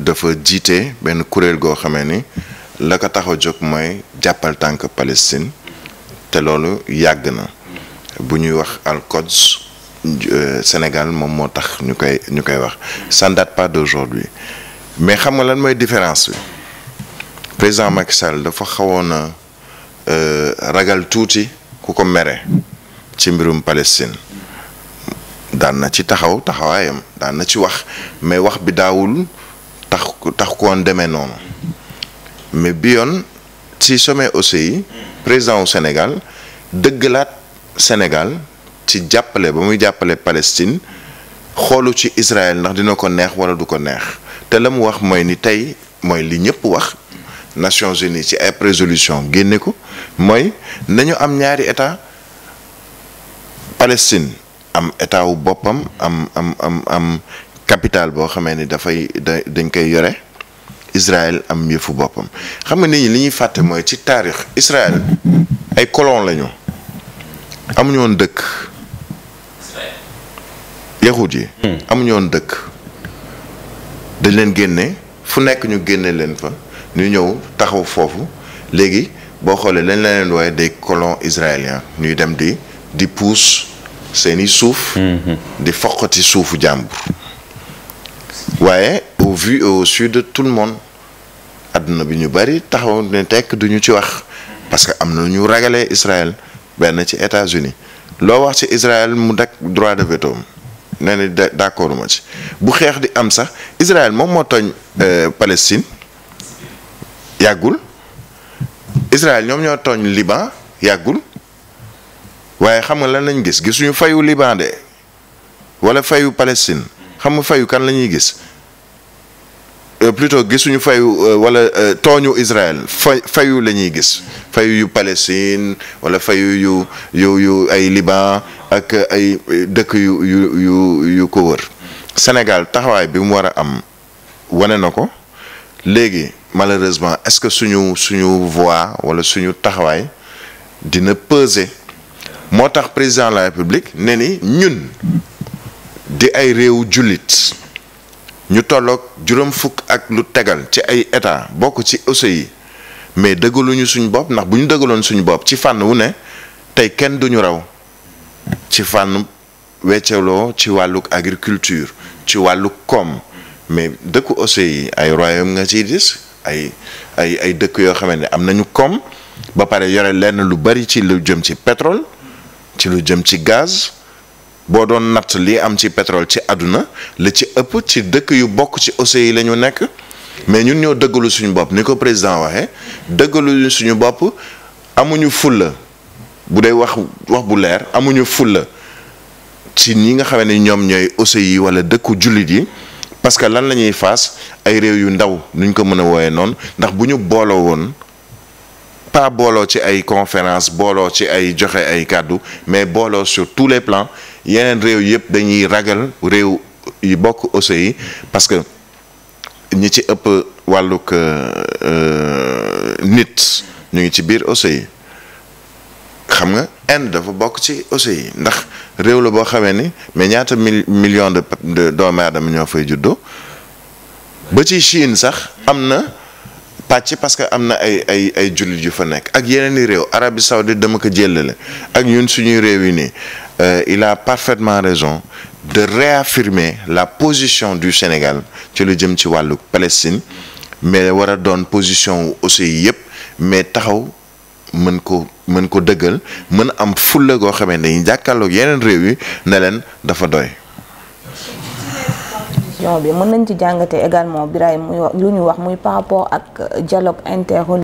dafa jiite benn kuréel goo xamee ni la ko tax jóg mooy jàppal tànk Palestine te loolu yàgg na bu ñuy wax Al-Quds euh, Sénégal moom moo tax ñu koy ñu koy wax ça ne date pas d'aujourd'hui mais xam nga lan mooy différence bi président Macky Sall dafa xawoon a euh, ragal tuuti ku ko mere ci mbirum Palestine daan na ci taxaw taxawaayam daan na ci wax mais wax bi tax tax ko woon demee noonu mais bi yoon ci sommet OCI président wu Sénégal dëggalaat Sénégal ci jàppale ba muy jàppale Palestine xoolu ci Israël ndax dina ko neex wala du ko neex te la mu wax mooy ni tey mooy li ñëpp wax Nations Unies ci ay résolution génne ko mooy nañu am ñaari état Palestine am état wu boppam am am am am capital boo xamee ni dafay da dañ koy yore Israël am yëfu boppam xam nga nit ñi li ñuy fàtte mooy ci taarix Israël ay colon lañu amuñu woon dëkk. yahud yi. Hmm. amuñu dëkk. dañ leen génne fu nekk ñu génne leen fa ñu ñëw taxaw foofu léegi boo xoolee lañ la leen wooye des colons israéliens ñuy dem di di puus seeni suuf. Hmm, hmm. di foqati suufu jàmbur. citoyen au vie au su de tout le àdduna bi ñu bëri taxaw ne tekk duñu ci wax parce que am na ñu ragalee Israël benn ci États-Unis loo wax ci Israël mu dak droit de veto nee na d'accord ma ci bu xeex di am sax Israël moom moo tooñ euh, Palestine yàggul Israël ñoom ñoo tooñ Liban yàggul waaye xam nga lan lañ gis gisuñu fayu Liban de wala fayu Palestine xam nga fayu kan la ñuy gis Euh, plutôt gisuñu fayu euh, wala euh, tooñu Israël fay fayu la ñuy gis fayu yu Palestine wala fayu yu yu yu ay Liban ak ay dëkk yu yu yu yu ko wër Sénégal taxawaay bi mu war a am wane na ko léegi malheureusement est-ce que suñu suñu voix wala suñu taxawaay dina peser moo tax président la République ne ni ñun di ay réew jullit ñu tolloog juróom fukk ak lu tegal ci ay état bokk ci OCI yi mais dëggaluñu suñ bopp ndax bu ñu dëggaloon suñu bopp ci fànn wu ne tey kenn duñu raw ci fànn wecceloo ci wàlluk agriculture ci wàlluk koom mais dëkku OCI yi ay royaume nga ciy gis ay ay ay dëkk yoo xamante ne am nañu koom ba pare yore lenn lu bari ci lu jëm ci pétrole ci lu jëm ci gaz boo doon natt lii am ci pétrole ci àdduna la ci ëpp ci dëkk yu bokk ci OCI yi la nekk mais ñun ñoo dëggalu suñu bopp ni ko président waxee dëggalu suñu bopp amuñu fulla bu dee wax wax bu leer amuñu fulla ci ñi nga xam ne ñoom ñooy OCI yi wala dëkku jullit yi parce que lan la ñuy faas ay réew yu ndaw nuñ ko mën a wooyee noonu ndax bu ñu booloo woon pas booloo ci ay conférence booloo ci ay joxe ay kàddu mais booloo sur tous les plans yeneen réew yëpp dañuy ragal réew yi bokk OCI yi parce que ñi ci ëpp wàllug euh, euh, nit ñu ngi ci biir OCI yi xam nga Inde dafa bokk ci OCI yi ndax réew la boo xamee ni mais ñaata mil millions de de doomu ñoo fay juddoo ba ci Chine sax am na pàcc parce que am na ay ay ay jullit yu fa nekk ak yeneen i réew Arabie Saoudite dama ko jëllale ak ñun suñuy réew yi nii euh, il a parfaitement raison de réaffirmer la position du Sénégal ci lu jëm ci wàllu Palestine mais war a doon position aussi yëpp mais taxaw mën ko mën ko dëggal mën am fulla goo xamante ni jàkkaarloog yeneen réew yi ne leen dafa doy. mën nañ ci jàngate lu ñu wax muy par ak dialogue inter